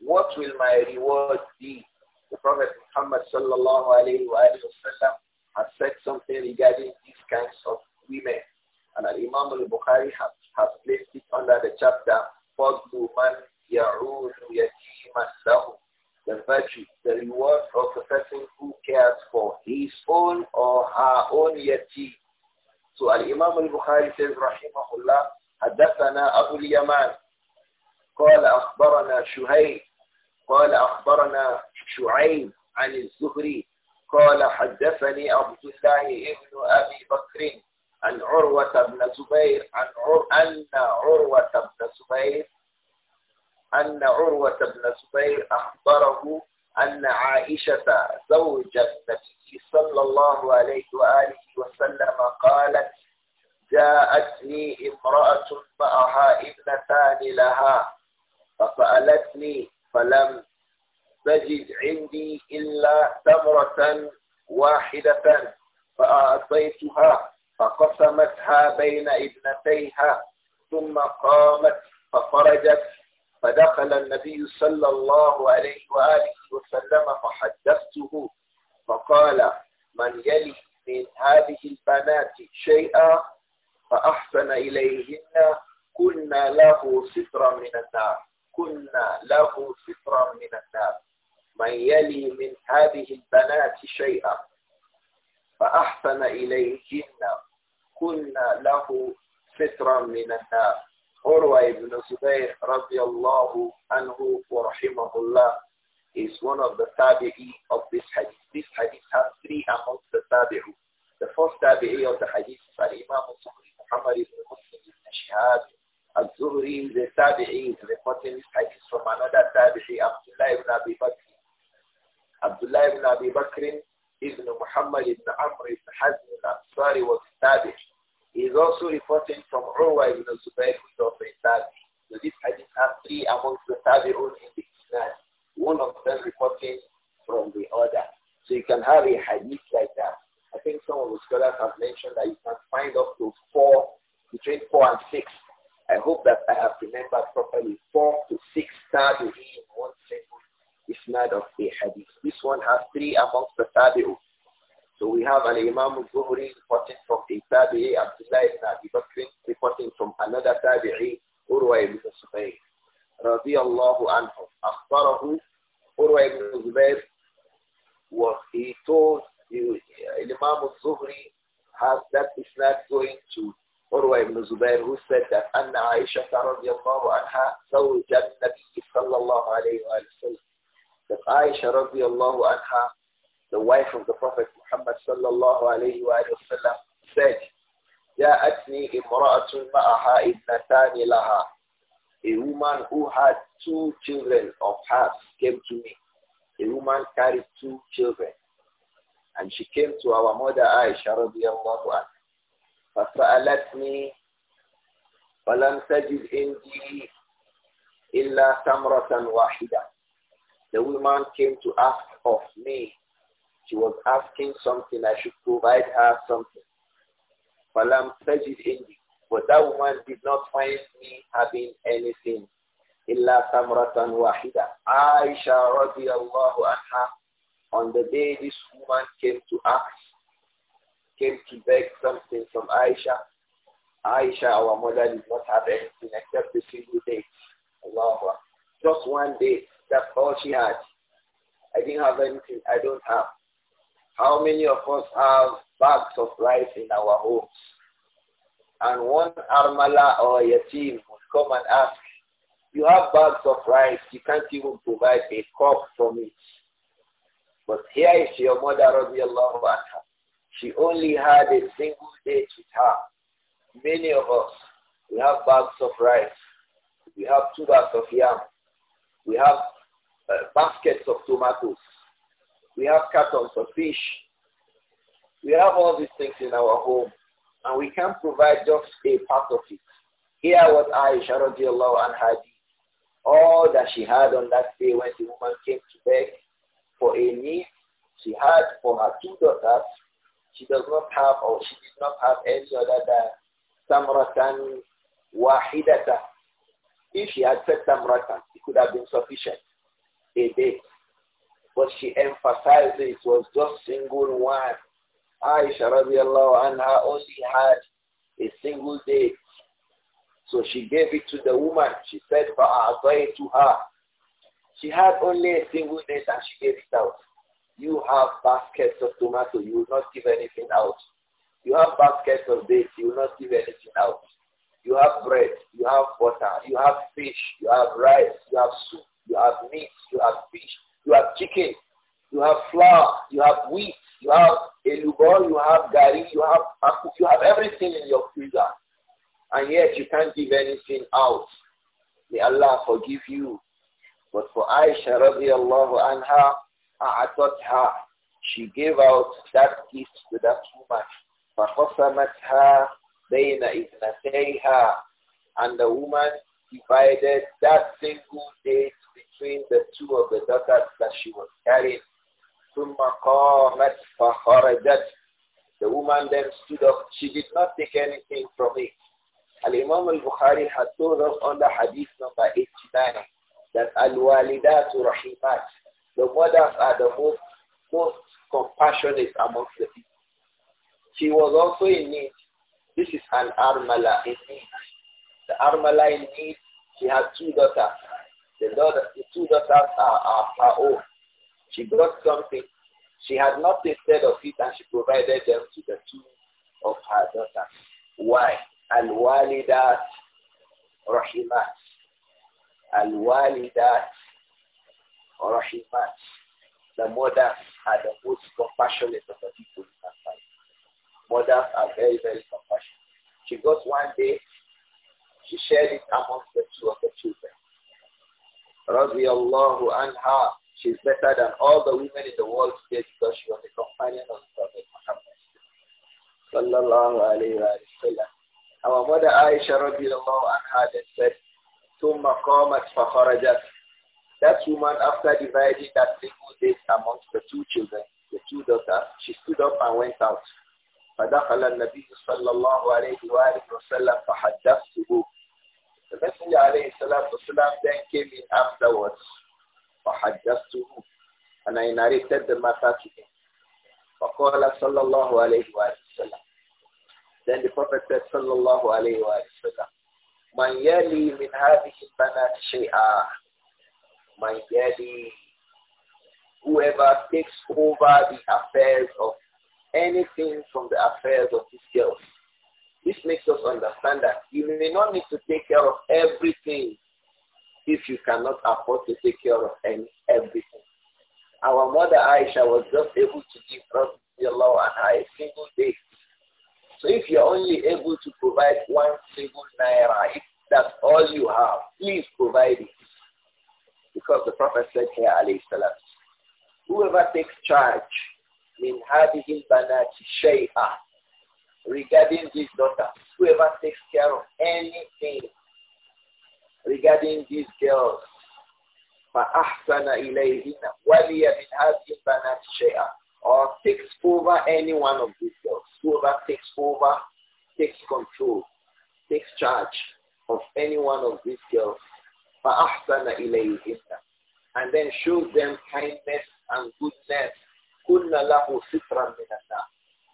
A: What will my reward be? The Prophet Muhammad sallallahu alayhi wa sallam has said something regarding these kinds of women. And Imam al-Bukhari has, has placed it under the chapter, Fadlu man يَعُودُ يَتِيمًا لَهُ The virtue, the reward of the person who cares for his own or her own yatim. So Al-Imam Al-Bukhari says, rahimahullah, حدثنا أبو اليمان قال أخبرنا شهيد قال أخبرنا شعيب عن الزهري قال حدثني عبد الله ابن أبي بكر عن عروة بن زبير عن عر... أن عروة بن زبير أن عروة بن الزبير أخبره أن عائشة زوج النبي صلى الله عليه وآله وسلم قالت جاءتني امرأة معها ابنتان لها فسألتني فلم تجد عندي إلا تمرة واحدة فأعطيتها فقسمتها بين ابنتيها ثم قامت فخرجت فدخل النبي صلى الله عليه وآله وسلم فحدثته فقال من يلي من هذه البنات شيئا فأحسن إليهن كنا له سترا من النار كنا له سترا من النار من يلي من هذه البنات شيئا فأحسن إليهن كنا له سترا من النار Urwa ibn Zubayr radiallahu anhu wa rahimahullah is one of the tabi'i of this hadith. This hadith has three amongst the tabi'u. The first tabi'i of the hadith is Al-Imam Zuhri Muhammad ibn Muslim ibn Shihab. Al-Zuhri is a tabi'i is reporting this hadith from another tabi'i, Abdullah ibn Abi Bakr. Abdullah ibn Abi Bakr ibn Muhammad ibn Amr ibn Hazm al-Ansari was tabi'i is also reporting from Urwa ibn Zubayr, who is a Tabi. So this hadith has three amongst the Tabi'un in the One of them reporting from the other. So you can have a hadith like that. I think some of the scholars have mentioned that you can find up to four, between four and six. I hope that I have remembered properly. Four to six Tabi'un in one single isnad of a hadith. This one has three amongst the Tabi'un. So we have Al-Imam zuhri reporting from a Tabi'i, Abdullah ibn Abi Bakr reporting from another Tabi'i, Urwa ibn Zubayr. رضي الله عنه أخبره أَرْوَىٰ بْنُ Zubayr was he told the Imam zuhri has that is not going to Urwa ibn Zubair who said that أن عائشة رضي الله عنها زوجة النبي صلى الله عليه وسلم that Aisha رضي الله عنها the wife of the Prophet Muhammad sallallahu alayhi wa sallam said, جاءتني امرأة معها ابنتان laha." A woman who had two children of hers came to me. A woman carried two children. And she came to our mother Aisha radiallahu anha. فسألتني فلم تجد عندي إلا تمرة واحدة. The woman came to ask of me she was asking something. I should provide her something. Falam tajid indi. But that woman did not find me having anything. Illa tamratan wahida. Aisha radiallahu anha. On the day this woman came to ask, came to beg something from Aisha, Aisha, our mother, did not have anything except the single date. Allah. Just one day. That's all she had. I didn't have anything. I don't have. How many of us have bags of rice in our homes? And one armala or yatim would come and ask, you have bags of rice, you can't even provide a cup from it. But here is your mother, radiallahu anha. She only had a single date with her. Many of us, we have bags of rice. We have two bags of yam. We have uh, baskets of tomatoes. We have cartons of fish. We have all these things in our home. And we can provide just a part of it. Here was Aisha radiallahu anha All that she had on that day when the woman came to beg for a need she had for her two daughters, she does not have or she did not have any other than Samratan Wahidata. If she had said Samratan, it could have been sufficient. A date. But she emphasized it was just single one. Aisha radiallahu anha only had a single day. So she gave it to the woman. She said, فَأَعْطَيْتُ to her. She had only a single day and she gave it out. You have baskets of tomato. You will not give anything out. You have baskets of dates. You will not give anything out. You have bread. You have butter. You have fish. You have rice. You have soup. You have meat. You have fish you have chicken, you have flour, you have wheat, you have elubor, you have gari, you have you have everything in your freezer. And yet you can't give anything out. May Allah forgive you. But for Aisha radiallahu anha, أعطتها she gave out that gift to that woman. فقسمتها بين إذنتيها and the woman divided that single date between the two of the daughters that she was carrying. The woman then stood up. She did not take anything from it. Al-Imam al-Bukhari had told us on the hadith number 89 that al-walidatu rahimat. The mothers are the most, most compassionate amongst the people. She was also in need. This is an armala in need. The armala in need she had two daughters. The, daughter, the two daughters are, are her own. She brought something. She had not tasted of it and she provided them to the two of her daughters. Why? Al-Walidat Rahimat. Al-Walidat Rahimat. The mothers are the most compassionate of the people in her life. Mothers are very, very compassionate. She got one day she shared it amongst the two of the children. Radiallahu anha, she's better than all the women in the world today because she was a companion of the Prophet Muhammad. Sallallahu alayhi wa sallam. Our mother Aisha radiallahu anha then said, ثم قامت فخرجت that woman, after dividing that single date amongst the two children, the two daughters, she stood up and went out. فدخل النبي صلى الله عليه وآله وسلم then came in afterwards. And I narrated the matter to him. فقال صلى الله عليه وسلم Then the Prophet said صلى الله عليه وسلم من يلي من هذه البنات شيئا من يلي whoever takes over the affairs of anything from the affairs of these girls. This makes us understand that you may not need to take care of everything if you cannot afford to take care of any, everything. Our mother Aisha was just able to give birth to Allah and her a single day. So if you're only able to provide one single naira, if that's all you have, please provide it. Because the Prophet said here, alayhi salam, whoever takes charge in Hadihil Banat Shay'a regarding this daughter, whoever takes care of anything regarding these girls. فَأَحْسَنَ إِلَيْهِنَ وَلِيَ مِنْ هَذِهِ شَيْئًا Or takes over any one of these girls. Whoever takes over, takes control, takes charge of any one of these girls. فَأَحْسَنَ إِلَيْهِنَ And then shows them kindness and goodness. كُلَّ لَهُ سِتْرًا مِنَ النَّارِ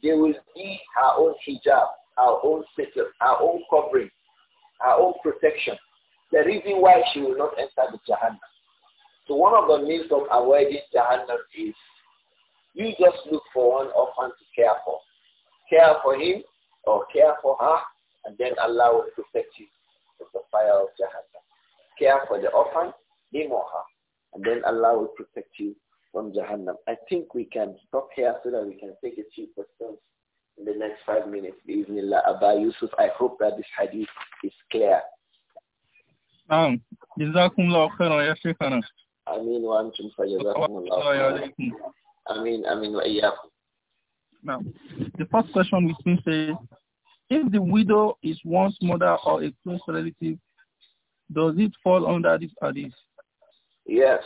A: They will be our own hijab, our own sitter, our own covering, our own protection the reason why she will not enter the Jahannam. So one of the means of avoiding Jahannam is you just look for one orphan to care for. Care for him or care for her, and then Allah will protect you from the fire of Jahannam. Care for the orphan, him or her, and then Allah will protect you from Jahannam. I think we can stop here so that we can take a few questions in the next five minutes. Bismillah, Abba Yusuf, I hope that this hadith is clear.
B: نعم جزاكم الله خيرا يا شيخنا
A: امين وانتم فجزاكم الله خيرا امين امين واياكم Now,
B: the first question we can say, if the widow is one's mother or a close relative, does it fall under this hadith?
A: Yes.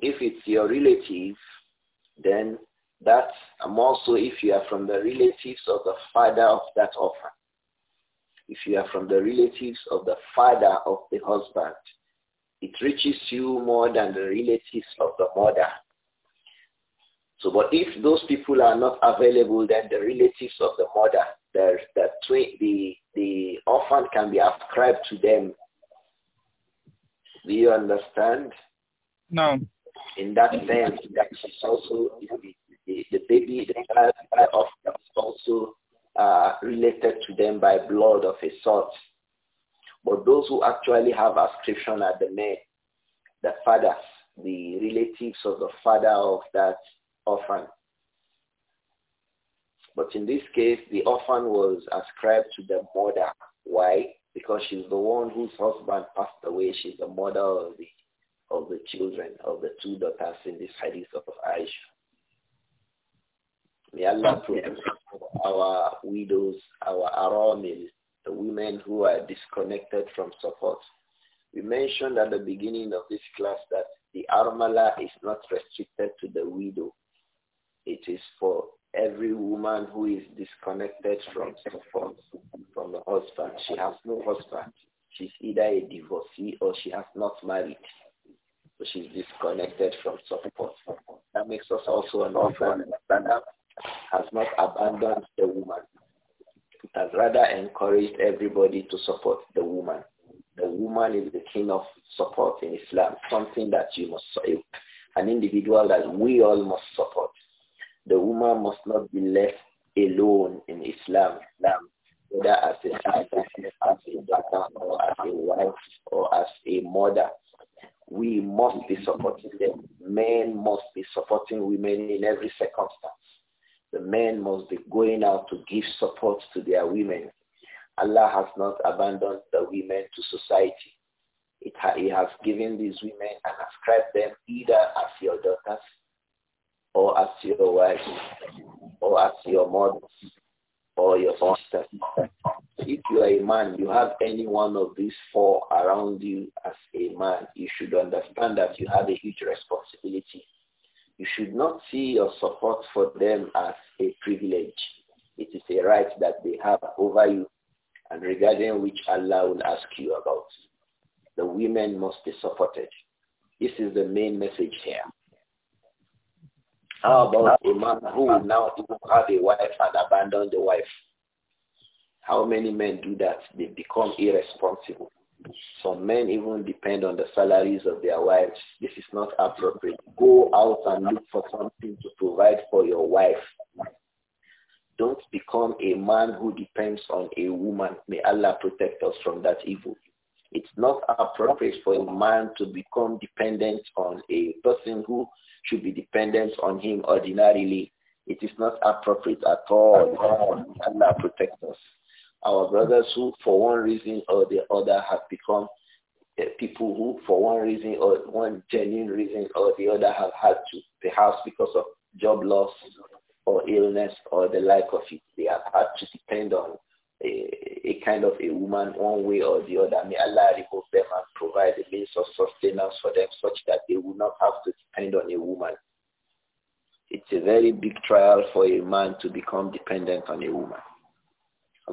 A: If it's your relative, then that's more so if you are from the relatives of the father of that orphan. If you are from the relatives of the father of the husband, it reaches you more than the relatives of the mother. So, but if those people are not available, then the relatives of the mother, the, the, the, the orphan can be ascribed to them. Do you understand? No. In that sense, that is also the, the, the baby, the child of also uh, related to them by blood of a sort. But those who actually have ascription at the neck, the fathers, the relatives of the father of that orphan. But in this case, the orphan was ascribed to the mother. Why? Because she's the one whose husband passed away. She's the mother of the of the children, of the two daughters in this hadith of Aisha. May Allah protect our widows, our aramil, the women who are disconnected from support. We mentioned at the beginning of this class that the armala is not restricted to the widow. It is for every woman who is disconnected from support, from the husband. She has no husband. She's either a divorcee or she has not married. So she's disconnected from support. That makes us also an orphan has not abandoned the woman. It has rather encouraged everybody to support the woman. The woman is the king of support in Islam, something that you must, an individual that we all must support. The woman must not be left alone in Islam, Islam whether as a father, as a daughter, or as a wife, or as a mother. We must be supporting them. Men must be supporting women in every circumstance. The men must be going out to give support to their women. Allah has not abandoned the women to society. It ha he has given these women and ascribed them either as your daughters or as your wives or as your mothers or your sisters. If you are a man, you have any one of these four around you as a man, you should understand that you have a huge responsibility you should not see your support for them as a privilege. It is a right that they have over you and regarding which Allah will ask you about. The women must be supported. This is the main message here. How about a man who now even have a wife and abandon the wife? How many men do that? They become irresponsible. Some men even depend on the salaries of their wives. This is not appropriate. Go out and look for something to provide for your wife. Don't become a man who depends on a woman. May Allah protect us from that evil. It's not appropriate for a man to become dependent on a person who should be dependent on him ordinarily. It is not appropriate at all. Allah protect us our brothers who for one reason or the other have become eh, people who for one reason or one genuine reason or the other have had to perhaps because of job loss or illness or the like of it they have had to depend on a, eh, a kind of a woman one way or the other may allah remove them and provide a means of sustenance for them such that they will not have to depend on a woman it's a very big trial for a man to become dependent on a woman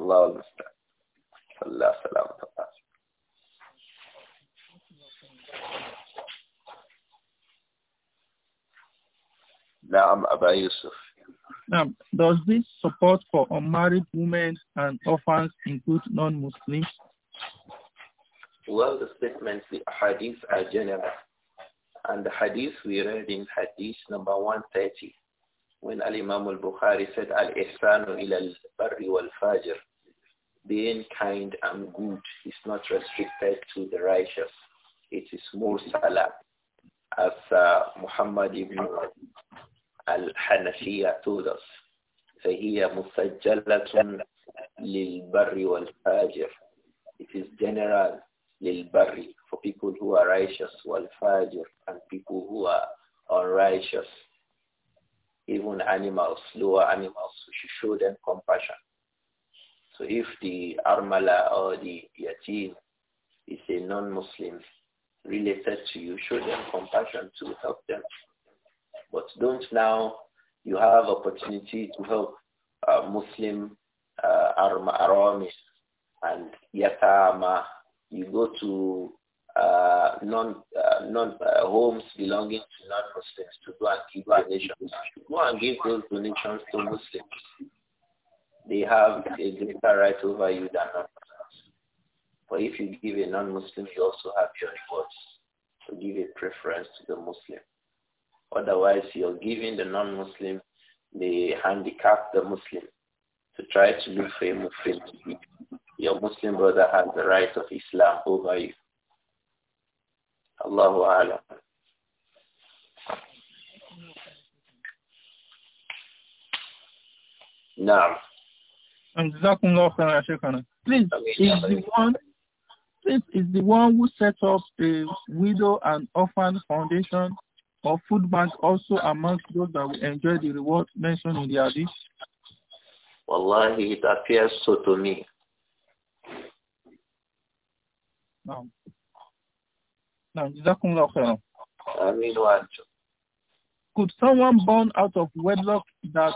A: Allah al Allah salam Naam Aba Yusuf.
B: Now, does this support for unmarried women and orphans include non-Muslims?
A: Well, the statements, the hadith are general. And the hadith we read in hadith number 130, when Al-Imam al-Bukhari said, Al-Ihsanu ila al-barri wal-fajr, being kind and good is not restricted to the righteous. It is more salah. As uh, Muhammad ibn al-Hanafiya told us, فَهِيَ مُسَجَّلَةٌ لِلْبَرِّ وَالْفَاجِرِ It is general لِلْبَرِّ for people who are righteous, wal and people who are unrighteous. Even animals, lower animals, we should show them compassion so if the Armala or the Yatim is a non-Muslim related to you, show them compassion to help them. But don't now, you have opportunity to help uh, Muslim uh, Aramis and Yatama. You go to uh, non, uh, non uh, homes belonging to non-Muslims to go and give donations. Go and give those donations to Muslims they have a greater right over you than non-Muslims. But if you give a non-Muslim, you also have your rewards. to give a preference to the Muslim. Otherwise, you're giving the non-Muslim the handicap, the Muslim, to try to look for a Muslim. Your Muslim brother has the right of Islam over you. Allahu Alam. Now. And
B: Jazakumullah Please, is the one Please, is the one who set up the Widow and Orphan Foundation or food bank also amongst those that will enjoy the reward mentioned in the hadith?
A: Wallahi, it appears so to me.
B: No. No, Jazakumullah
A: khairan.
B: Could someone born out of wedlock that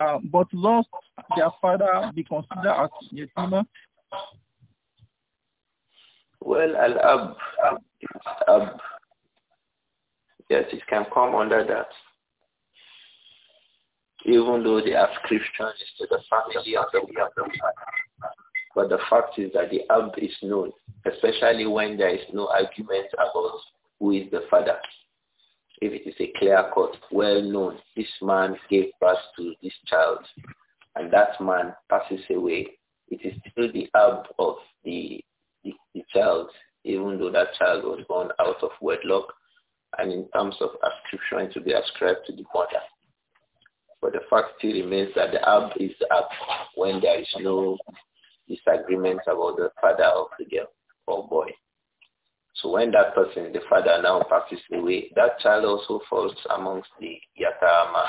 B: uh, but lost their father be considered as yatima?
A: Well, al-ab, ab, yes, it can come under that. Even though the ascription is to the family of the father. But the fact is that the ab is known, especially when there is no argument about who is the father. If it is a clear cut, well known, this man gave birth to this child and that man passes away, it is still the ab of the, the, the child, even though that child was born out of wedlock and in terms of ascription to be ascribed to the mother. But the fact still remains that the ab is up ab when there is no disagreement about the father of the girl or boy. So when that person, the father now passes away, that child also falls amongst the yatama.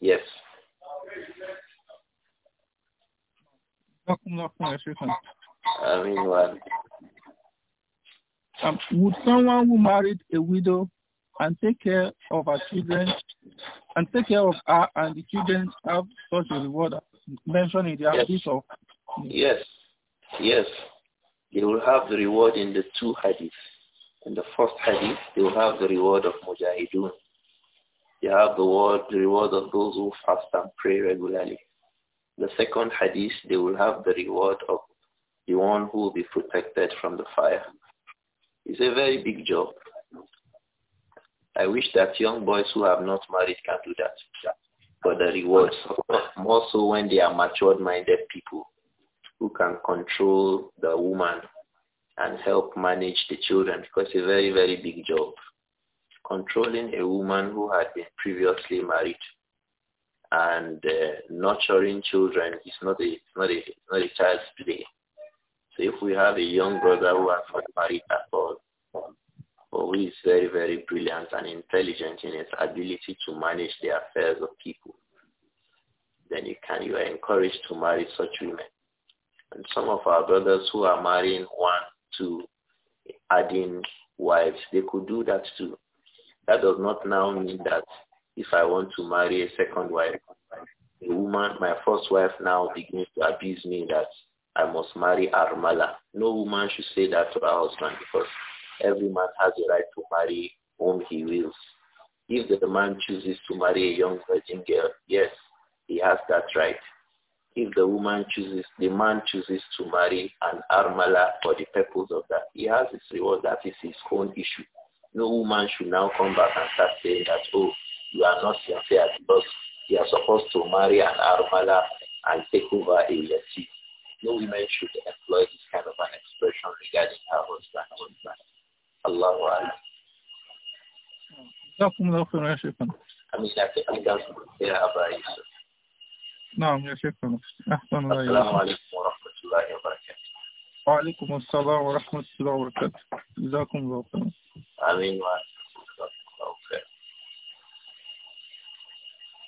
A: Yes.
B: um, would someone who married a widow and take care of her children and take care of her and the children have such a reward mentioned in the yes. of
A: yes yes they will have the reward in the two hadiths. In the first hadith, they will have the reward of mujahidun. They have the, reward, the reward of those who fast and pray regularly. The second hadith, they will have the reward of the one who will be protected from the fire. It's a very big job. I wish that young boys who have not married can do that for the rewards, more so when they are matured-minded people who can control the woman and help manage the children because it's a very, very big job. Controlling a woman who had been previously married and uh, nurturing children is not a, not a, not a child's play. So if we have a young brother who has not married at all, but who is very, very brilliant and intelligent in his ability to manage the affairs of people, then you can you are encouraged to marry such women. And some of our brothers who are marrying one, two, adding wives, they could do that too. That does not now mean that if I want to marry a second wife, a woman, my first wife now begins to abuse me that I must marry Armala. No woman should say that to her husband because every man has the right to marry whom he wills. If the man chooses to marry a young virgin girl, yes, he has that right. If the woman chooses, the man chooses to marry an armala for the purpose of that, he has his reward. That is his own issue. No woman should now come back and start saying that, oh, you are not sincere because you are supposed to marry an armala and take over a yatif. No woman should employ this kind of an expression regarding her husband. husband. Allah Akbar.
B: جزاكم الله خيرا يا شيخنا. امين. نعم يا شيخنا أحسن الله السلام عليكم
A: ورحمة الله وبركاته
B: وعليكم السلام ورحمة الله وبركاته جزاكم الله خيرا
A: آمين وعليكم